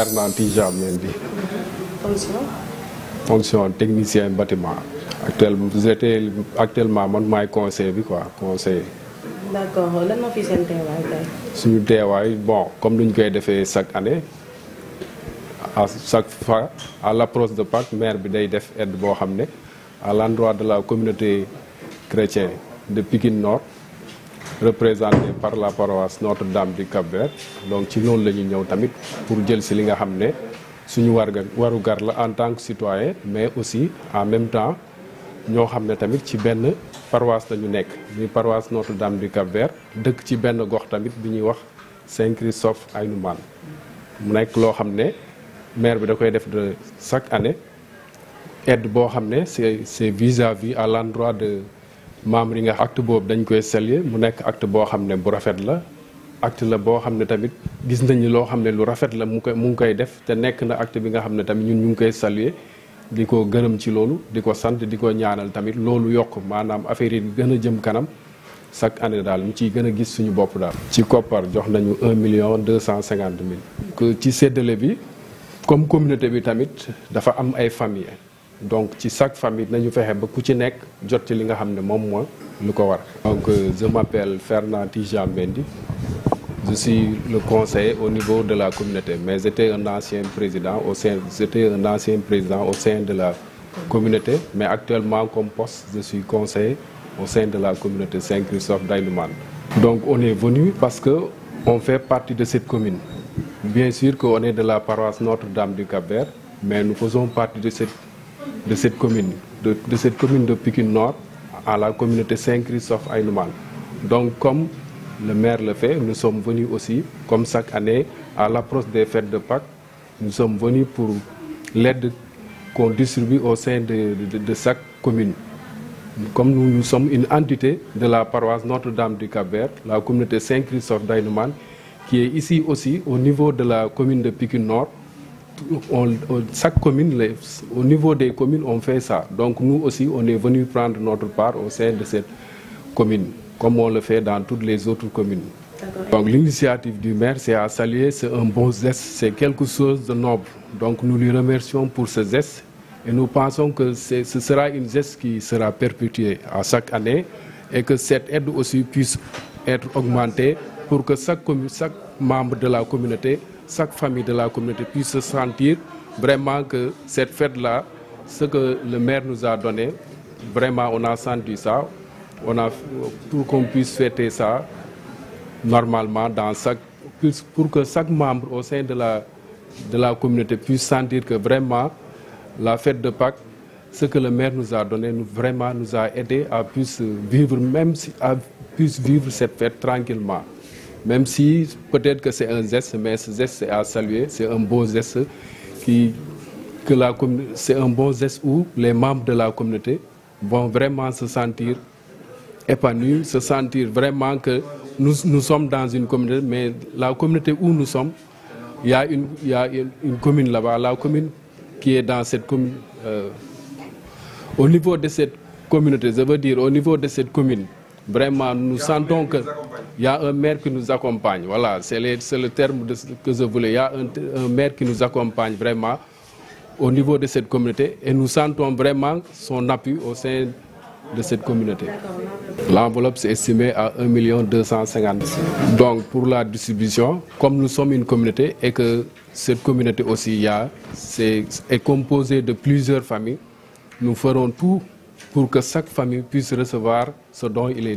Fonction Fonction technicien bâtiment. Actuellement, vous êtes actuellement mon conseil conseiller. d'accord le moo fi seen de bon comme nous avons fait chaque année à chaque fois à l'approche de Pâques maire bi day aide à l'endroit de la communauté chrétienne de Pékin Nord représenté par la paroisse Notre-Dame du Cap-Vert donc ci non la pour jël li nga en tant que citoyen mais aussi en même temps nous xamné tamit ci paroisse paroisse Notre-Dame du Cap-Vert ci gox tamit Saint-Christophe mu nekk lo xamné maire bi da de chaque année c'est vis-à-vis à l'endroit de membre yi nga acte boobu dañ koy saluer mu nekk acte boo xam ne bu rafet la acte la boo xam ne tamit gis nañu loo xam ne lu rafet la mu koy mu ngi koy def te nekk na acte bi nga xam ne tamit ñun ñu ngi koy saluer di ko gërëm ci loolu di ko sant di ko ñaanal tamit loolu yokk maanaam affaire yi gën a jëm kanam chaque année daal ñu ciy gën a gis suñu bopp daal. ci koppar jox nañu un million deux cent cinquante mille. ci séddale bi comme communauté bi tamit dafa am ay famille donc chaque famille nous ba ku ci J'ai jot ci li nga donc euh, je m'appelle Fernand Tijan je suis le conseiller au niveau de la communauté mais j'étais un ancien président au sein j'étais un ancien président au sein de la communauté mais actuellement comme poste je suis conseiller au sein de la communauté Saint-Christophe d'Aïnoumane. Donc on est venu parce que on fait partie de cette commune. Bien sûr qu'on est de la paroisse Notre-Dame du cap mais nous faisons partie de cette de cette commune, de, cette commune de Pikine Nord à la communauté Saint-Christophe Aïnouman. Donc comme le maire le fait, nous sommes venus aussi, comme chaque année, à l'approche des fêtes de Pâques, nous sommes venus pour l'aide qu'on distribue au sein de, de, chaque commune. Comme nous, sommes une entité de la paroisse Notre-Dame du Cap-Vert, la communauté Saint-Christophe d'Aïnouman, qui est ici aussi au niveau de la commune de Pikine Nord, chaque commune, au niveau des communes, on fait ça. Donc nous aussi, on est venu prendre notre part au sein de cette commune, comme on le fait dans toutes les autres communes. Donc l'initiative du maire, c'est à saluer, c'est un bon geste, c'est quelque chose de noble. Donc nous lui remercions pour ce geste et nous pensons que ce sera une geste qui sera perpétuée à chaque année et que cette aide aussi puisse être augmentée pour que chaque membre de la communauté chaque famille de la communauté puisse se sentir vraiment que cette fête-là, ce que le maire nous a donné, vraiment on a senti ça, on a, pour qu'on puisse fêter ça normalement pour que chaque membre au sein de la, communauté puisse sentir que vraiment la fête de Pâques, ce que le maire nous a donné, vraiment nous a aidé à puisse vivre, même à puisse vivre cette fête tranquillement. Même si peut-être que c'est un geste, mais ce geste à saluer, c'est un beau geste que c'est un bon geste où les membres de la communauté vont vraiment se sentir épanouis, se sentir vraiment que nous, sommes dans une communauté, mais la communauté où nous sommes, il y a une, commune là-bas, la commune qui est dans cette commune. Euh, au niveau de cette communauté, je veux dire, au niveau de cette commune, vraiment, nous sentons que il y a un maire qui nous accompagne. Voilà, c'est le terme que je voulais. Il y a un, maire qui nous accompagne vraiment au niveau de cette communauté et nous sentons vraiment son appui au sein de cette communauté. L'enveloppe s'est estimée à 1 250 Donc pour la distribution, comme nous sommes une communauté et que cette communauté aussi est, composée de plusieurs familles, nous ferons tout pour que chaque famille puisse recevoir ce dont il est,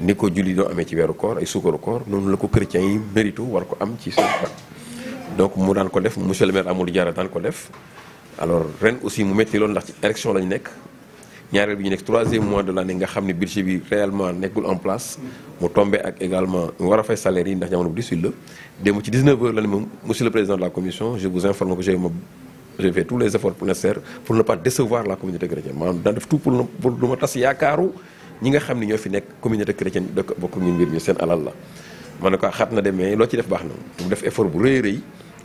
ni ko julli doo amee ci weeru koor ay suukaru koor noonu la ko chrétiens yi mérito war ko am ci donc mu dal ko def monsieur le maire Amadou Diarra dal ko def alors ren aussi mu metti lon ndax élection la nek nekk bi ñu nekk troisième mois de l'année nga xamni budget bi réellement nekkul en place mu tombé ak également wara fay salaire yi ndax jamono bu 18 dem ci 19 h monsieur le président de la commission je vous informe que j'ai ma fais tous les efforts nécessaires pour ne pas décevoir la communauté chrétienne man dans def tout pour pour lu ma tas yaakaaru ñi nga xam ne ñoo fi nekk communauté chrétienne bi dëkk bokk ñun mbir mi seen alal la ah loo ci def baax na mu def effort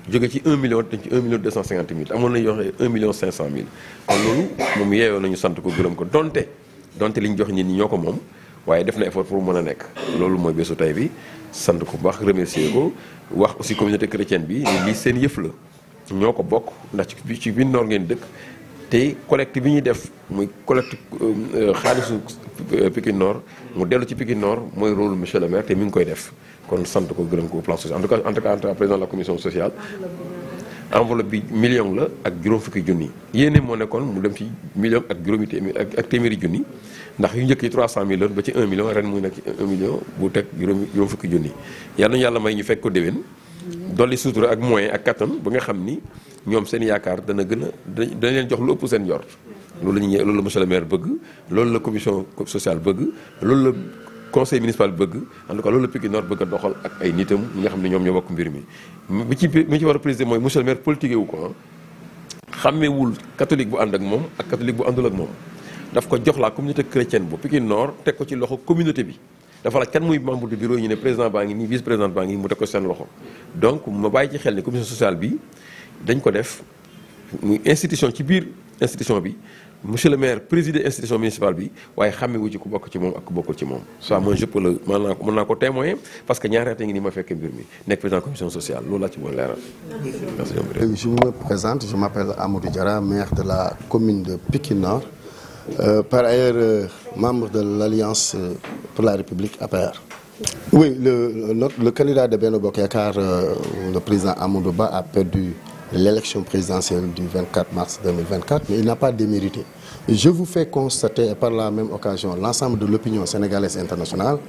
ci 1 million dañ ci 1 million 250 mille amoon nañu joxe 1 million 500 mille kon loolu moom yeeyoo nañu ko gërëm donte donte ñu jox nit ñi ñoo ko moom waaye def na effort pour mën a nekk loolu mooy bésu tey bi sant bu baax remercier ko wax aussi communauté chrétienne bi seen yëf la ñoo ko bokk ndax ci ci biir noor ngeen dëkk té collecte bi ñuy def muy collecte euh, euh, xaalisu euh, Pikine Nord mu déllu ci Pikine Nord moy rôle monsieur le maire té mi ngi koy def kon sant ko gërëm ko plan social en tout cas en tout cas président de la commission sociale enveloppe bi million la ak juróom fukki junni yéene moo nekkoon mu dem ci million ak juróomi téeméer ak téeméeri junni ndax yu njëkk yi 300000 la ba ci 1 million ren mu nekk 1 million bu teg juróomi juróom fukki junni yàlla yàlla may ñu fekk ko déwén doli sutura ak moyen ak kattan ba nga xam ni seen yaakaar dana gëna a dana leen jox lu seen yor loolu la ñu loolu monsieur le maire bëgg loolu la commission sociale bëgg loolu la conseil municipal bëgg en tout cas loolu Pikine Nord bëgg doxal ak ay nitam ñi nga xam ñoo bokk mbir mi. bi ci bi ci war a présider mooy monsieur le maire politique wu ko xàmmewul catholique bu and ak mom ak catholique bu andul ak mom daf ko jox la communauté chrétienne bu Pikine Nord tek ko ci loxo communauté bi dafa laaj kan muy membre du bureau ñu le président baangi ni vice président baangi mu teg sen seen loxo donc ma bay ci xel ne commission sociale bi dañ ko def muy institution ci bir institution bi monsieur le maire président institution municipale bi xamé wu ci ku bok ci mom ak ku bokul ci mom ça moi je peux le mën na ko témoigner parce que ñaari ni ma fekkee bir mi nek président commission sociale lolu la ci mën je me présente je m'appelle Amadou Diara maire de la commune de Pikine euh, par ailleurs euh, membre de l'alliance euh, pour la République APR. Oui, le, candidat de Beno Bokyakar, euh, le président Ba a perdu l'élection présidentielle du 24 mars 2024, mais il n'a pas démérité. Je vous fais constater, par la même occasion, l'ensemble de l'opinion sénégalaise internationale,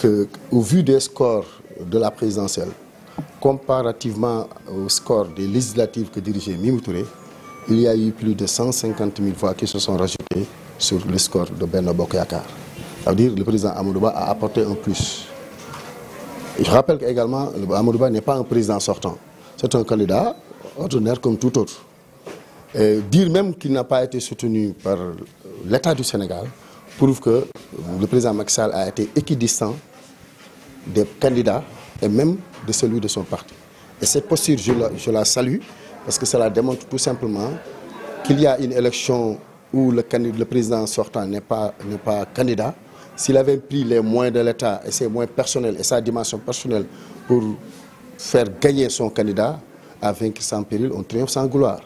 qu'au vu des scores de la présidentielle, comparativement au score des législatives que dirigeait Mimoutouré, il y a eu plus de 150 000 voix qui se sont rajoutées sur le score de Beno Bokyakar. Ça veut dire que le président Amadouba a apporté un plus. je rappelle également que Amadouba n'est pas un président sortant. C'est un candidat ordinaire comme tout autre. dire même qu'il n'a pas été soutenu par l'État du Sénégal prouve que le président Macky a été équidistant des candidats et même de celui de son parti. Et cette posture, je la, salue parce que cela démontre tout simplement qu'il y a une élection où le, président sortant n'est pas candidat, s'il avait pris les moyens de l'État et ses moyens personnels et sa dimension personnelle pour faire gagner son candidat à vaincre sans péril, on triomphe sans gloire.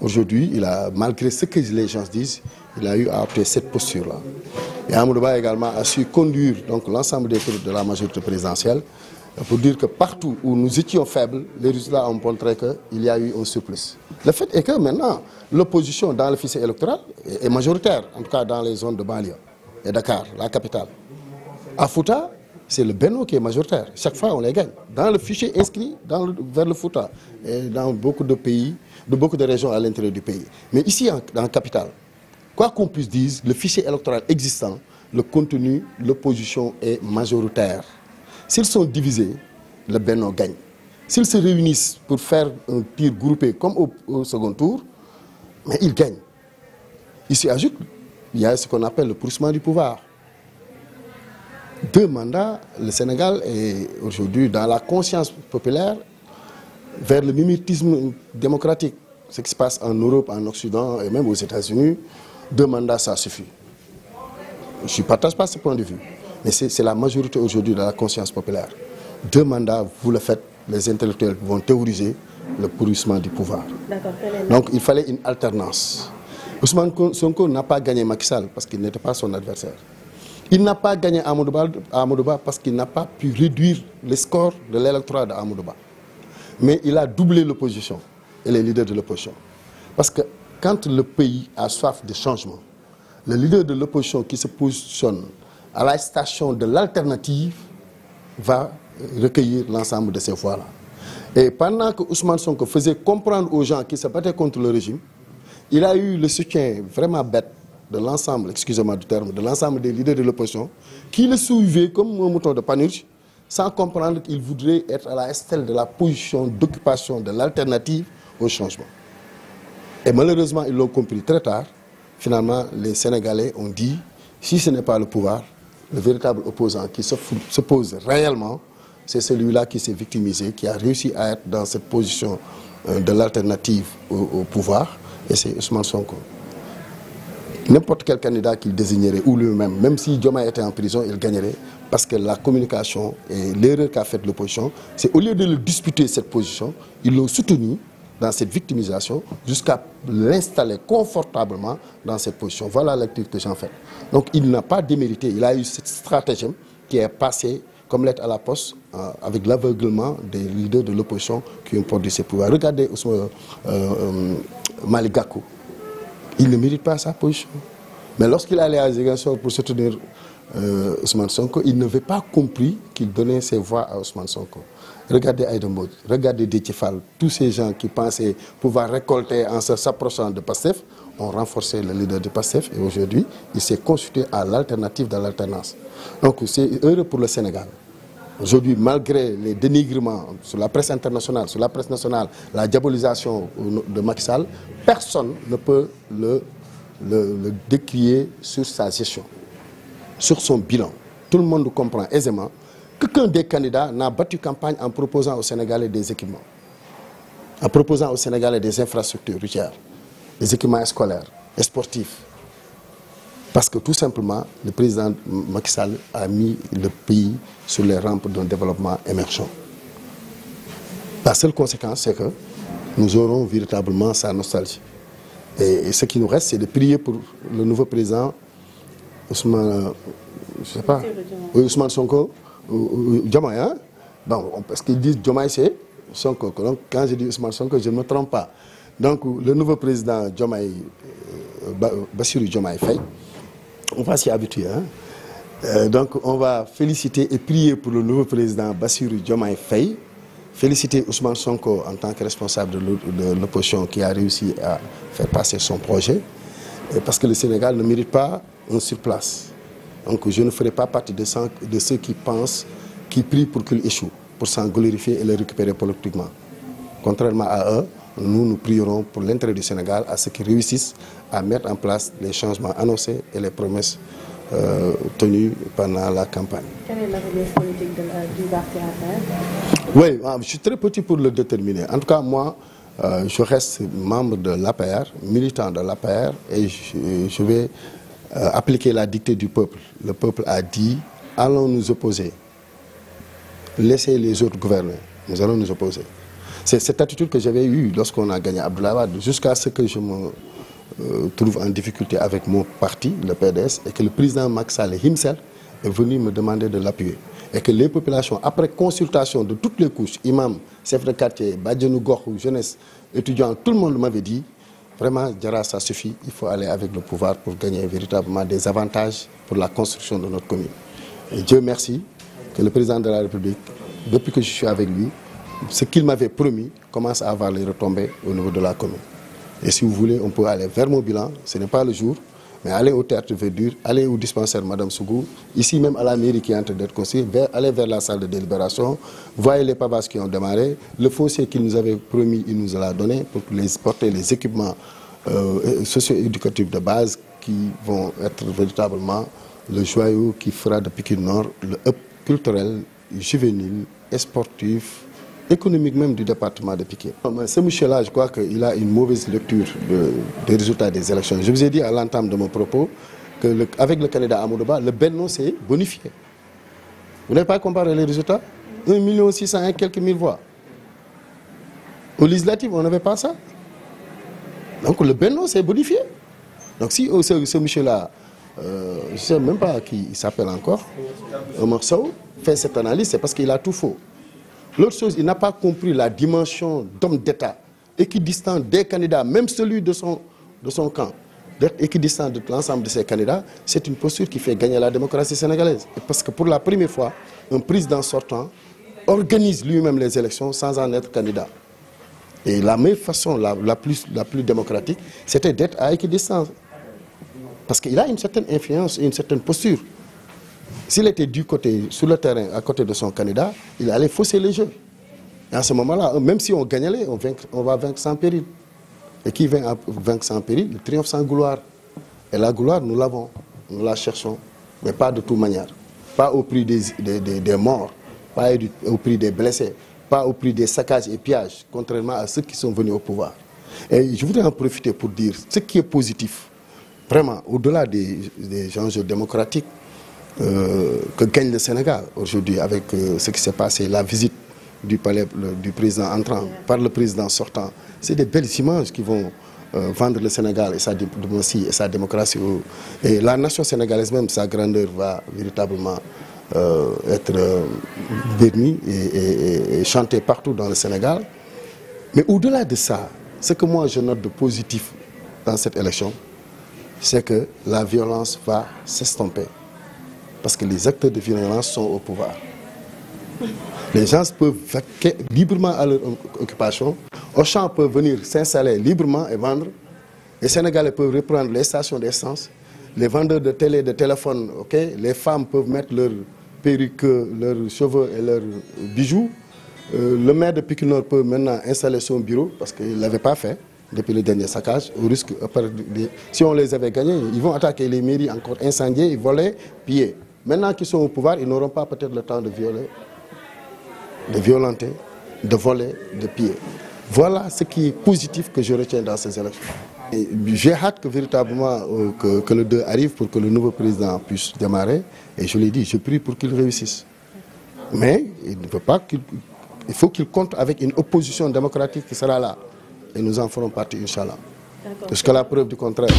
Aujourd'hui, il a, malgré ce que les gens disent, il a eu à adopter cette posture-là. Et Amoudouba également a su conduire l'ensemble des troupes de la majorité présidentielle pour dire que partout où nous étions faibles, les résultats ont montré qu'il y a eu un surplus. Le fait est que maintenant, l'opposition dans le électoral est majoritaire, en tout cas dans les zones de banlieue. Dakar, la capitale. À Fouta, c'est le Beno qui est majoritaire. Chaque fois, on les gagne. Dans le fichier inscrit vers le Fouta, dans beaucoup de pays, de beaucoup de régions à l'intérieur du pays. Mais ici, dans la capitale, quoi qu'on puisse dire, le fichier électoral existant, le contenu, l'opposition est majoritaire. S'ils sont divisés, le Beno gagne. S'ils se réunissent pour faire un tir groupé comme au, second tour, mais ils gagnent. Ici, ajoute il y a ce qu'on appelle le pourrissement du pouvoir. Deux mandats, le Sénégal est aujourd'hui dans la conscience populaire vers le mimétisme démocratique. Ce qui se passe en Europe, en Occident et même aux États-Unis, deux mandats, ça suffit. Je ne partage pas ce point de vue, mais c'est la majorité aujourd'hui dans la conscience populaire. Deux mandats, vous le faites, les intellectuels vont théoriser le pourrissement du pouvoir. Donc il fallait une alternance. Ousmane Sonko n'a pas gagné Macky parce qu'il n'était pas son adversaire. Il n'a pas gagné Amadouba parce qu'il n'a pas pu réduire les scores de l'électorat d'Amadouba. Mais il a doublé l'opposition et les leaders de l'opposition. Parce que quand le pays a soif de changement, le leader de l'opposition qui se positionne à la station de l'alternative va recueillir l'ensemble de ces voix-là. Et pendant que Ousmane Sonko faisait comprendre aux gens qui se battaient contre le régime, il a eu le soutien vraiment bête de l'ensemble, excusez-moi du terme, de l'ensemble des leaders de l'opposition, qui le suivaient comme un mouton de panurge, sans comprendre qu'il voudrait être à la stèle de la position d'occupation de l'alternative au changement. Et malheureusement, ils l'ont compris très tard. Finalement, les Sénégalais ont dit, si ce n'est pas le pouvoir, le véritable opposant qui s'oppose réellement, c'est celui-là qui s'est victimisé, qui a réussi à être dans cette position euh, de l'alternative au pouvoir et c'est Ousmane Sonko. N'importe quel candidat qu'il désignerait, ou lui-même, même si Dioma était en prison, il gagnerait, parce que la communication et l'erreur qu'a faite l'opposition, c'est au lieu de le disputer cette position, ils l'ont soutenu dans cette victimisation jusqu'à l'installer confortablement dans cette position. Voilà l'activité que j'en fais. Donc il n'a pas démérité, il a eu cette stratégie qui est passée comme l'être à la poste, euh, avec l'aveuglement des leaders de l'opposition qui ont porté ces pouvoirs. Regardez Ousmane euh, euh, Il ne mérite pas sa position. Mais lorsqu'il allait à Zégançon pour soutenir euh, Ousmane Sonko, il n'avait pas compris qu'il donnait ses voix à Ousmane Sonko. Regardez Bod, regardez Détifal, tous ces gens qui pensaient pouvoir récolter en s'approchant de Passef, ont renforcé le leader du PASSEF, et aujourd'hui, il s'est constitué à l'alternative de l'alternance. Donc c'est heureux pour le Sénégal. Aujourd'hui, malgré les dénigrements sur la presse internationale, sur la presse nationale, la diabolisation de Macky Sall, personne ne peut le, le, décrier sur sa gestion, sur son bilan. Tout le monde comprend aisément qu'un des candidats n'a battu campagne en proposant aux Sénégalais des équipements, en proposant aux Sénégalais des infrastructures routières les équipements scolaires et sportifs. Parce que tout simplement, le président Macky Sall a mis le pays sur les rampes d'un développement émergent. La seule conséquence, c'est que nous aurons véritablement sa nostalgie. Et, ce qui nous reste, c'est de prier pour le nouveau président Ousmane, euh, je sais pas, Ousmane Sonko, ou, hein. parce qu'ils disent Djamay, c'est Sonko. Donc quand je dis Ousmane Sonko, je ne me trompe pas. Donc, le nouveau président Diomaye, euh, Bassirou Faye, on va s'y habituer. Hein. Euh, donc, on va féliciter et prier pour le nouveau président Bassirou Djomaye Faye, féliciter Ousmane Sonko en tant que responsable de l'opposition qui a réussi à faire passer son projet, parce que le Sénégal ne mérite pas un surplace. Donc, je ne ferai pas partie de, de ceux qui pensent, qui prient pour qu'il échoue, pour s'en glorifier et le récupérer politiquement. Contrairement à eux, nous nous prierons pour l'intérêt du Sénégal à ce qu'ils réussissent à mettre en place les changements annoncés et les promesses euh, tenues pendant la campagne. Quelle est la promesse politique du parti Oui, ah, je suis très petit pour le déterminer. En tout cas, moi, euh, je reste membre de l'APR, militant de l'APR, et je, je vais euh, appliquer la dictée du peuple. Le peuple a dit, allons nous opposer, laissez les autres gouverner, nous allons nous opposer. C'est cette attitude que j'avais eue lorsqu'on a gagné Abdoulaye jusqu'à ce que je me euh, trouve en difficulté avec mon parti, le PDS, et que le président Sall himself est venu me demander de l'appuyer. Et que les populations, après consultation de toutes les couches, imams, chefs de quartier, Badjanou jeunesse, étudiants, tout le monde m'avait dit Vraiment, Djara, ça suffit. Il faut aller avec le pouvoir pour gagner véritablement des avantages pour la construction de notre commune. Et Dieu merci que le président de la République, depuis que je suis avec lui, ce qu'il m'avait promis commence à avoir les retombées au niveau de la commune. Et si vous voulez, on peut aller vers mon bilan, ce n'est pas le jour, mais aller au théâtre Verdure, aller au dispensaire Madame Sougou, ici même à la mairie qui est en train d'être construite, aller vers la salle de délibération, voir les pavasses qui ont démarré, le foncier qu'il nous avait promis, il nous l'a donné pour les, porter les équipements euh, socio-éducatifs de base qui vont être véritablement le joyau qui fera de Piquet Nord le hub culturel, juvénile et sportif économique même du département de Piquet. Ce monsieur-là, je crois qu'il a une mauvaise lecture des résultats des élections. Je vous ai dit à l'entame de mon propos que le, avec le candidat Amodoba, le nom s'est bonifié. Vous n'avez pas comparé les résultats 1 million 600 quelques mille voix. Au législatif, on n'avait pas ça. Donc le Benno s'est bonifié. Donc si oh, ce, monsieur-là, euh, je ne sais même pas qui il s'appelle encore, morceau, fait cette analyse, c'est parce qu'il a tout faux. L'autre chose, il n'a pas compris la dimension d'homme d'État, équidistant des candidats, même celui de son, de son camp, d'être équidistant de l'ensemble de ses candidats, c'est une posture qui fait gagner la démocratie sénégalaise. parce que pour la première fois, un président sortant organise lui-même les élections sans en être candidat. Et la meilleure façon, la, plus, la plus démocratique, c'était d'être à équidistance. Parce qu'il a une certaine influence et une certaine posture. S'il était du côté, sur le terrain, à côté de son candidat, il allait fausser les jeux. Et à ce moment-là, même si on gagnait, on, on va vaincre sans péril. Et qui vaincre sans péril, Le triomphe sans gloire. Et la gloire, nous l'avons, nous la cherchons, mais pas de toute manière. Pas au prix des, morts, pas au prix des blessés, pas au prix des saccages et pillages, contrairement à ceux qui sont venus au pouvoir. Et je voudrais en profiter pour dire ce qui est positif, vraiment, au-delà des enjeux démocratiques, euh, que gagne le Sénégal aujourd'hui avec euh, ce qui s'est passé, la visite du palais du président entrant par le président sortant. C'est des belles images qui vont euh, vendre le Sénégal et sa démocratie. Et la nation sénégalaise même, sa grandeur va véritablement être bénie et, et chantée partout dans le Sénégal. Mais au-delà de ça, ce que moi je note de positif dans cette élection, c'est que la violence va s'estomper parce que les acteurs de violence sont au pouvoir. Les gens peuvent vaquer librement à leur occupation. Auchan peut venir s'installer librement et vendre. Les Sénégalais peuvent reprendre les stations d'essence. Les vendeurs de télé, de téléphone, Ok, les femmes peuvent mettre leurs perruques, leurs cheveux et leurs bijoux. Euh, le maire de Piquinor peut maintenant installer son bureau parce qu'il ne l'avait pas fait depuis le dernier saccage, au risque, si on les avait gagnés, ils vont attaquer les mairies encore incendiées, voler, piller. Maintenant qu'ils sont au pouvoir, ils n'auront pas peut-être le temps de violer, de violenter, de voler, de piller. Voilà ce qui est positif que je retiens dans ces élections. J'ai hâte que véritablement euh, que, le 2 arrive pour que le nouveau président puisse démarrer. Et je l'ai dit, je prie pour qu'il réussisse. Mais il ne peut pas qu'il... Il faut qu'il compte avec une opposition démocratique qui sera là. Et nous en ferons partie, Inch'Allah. Jusqu'à la preuve du contraire.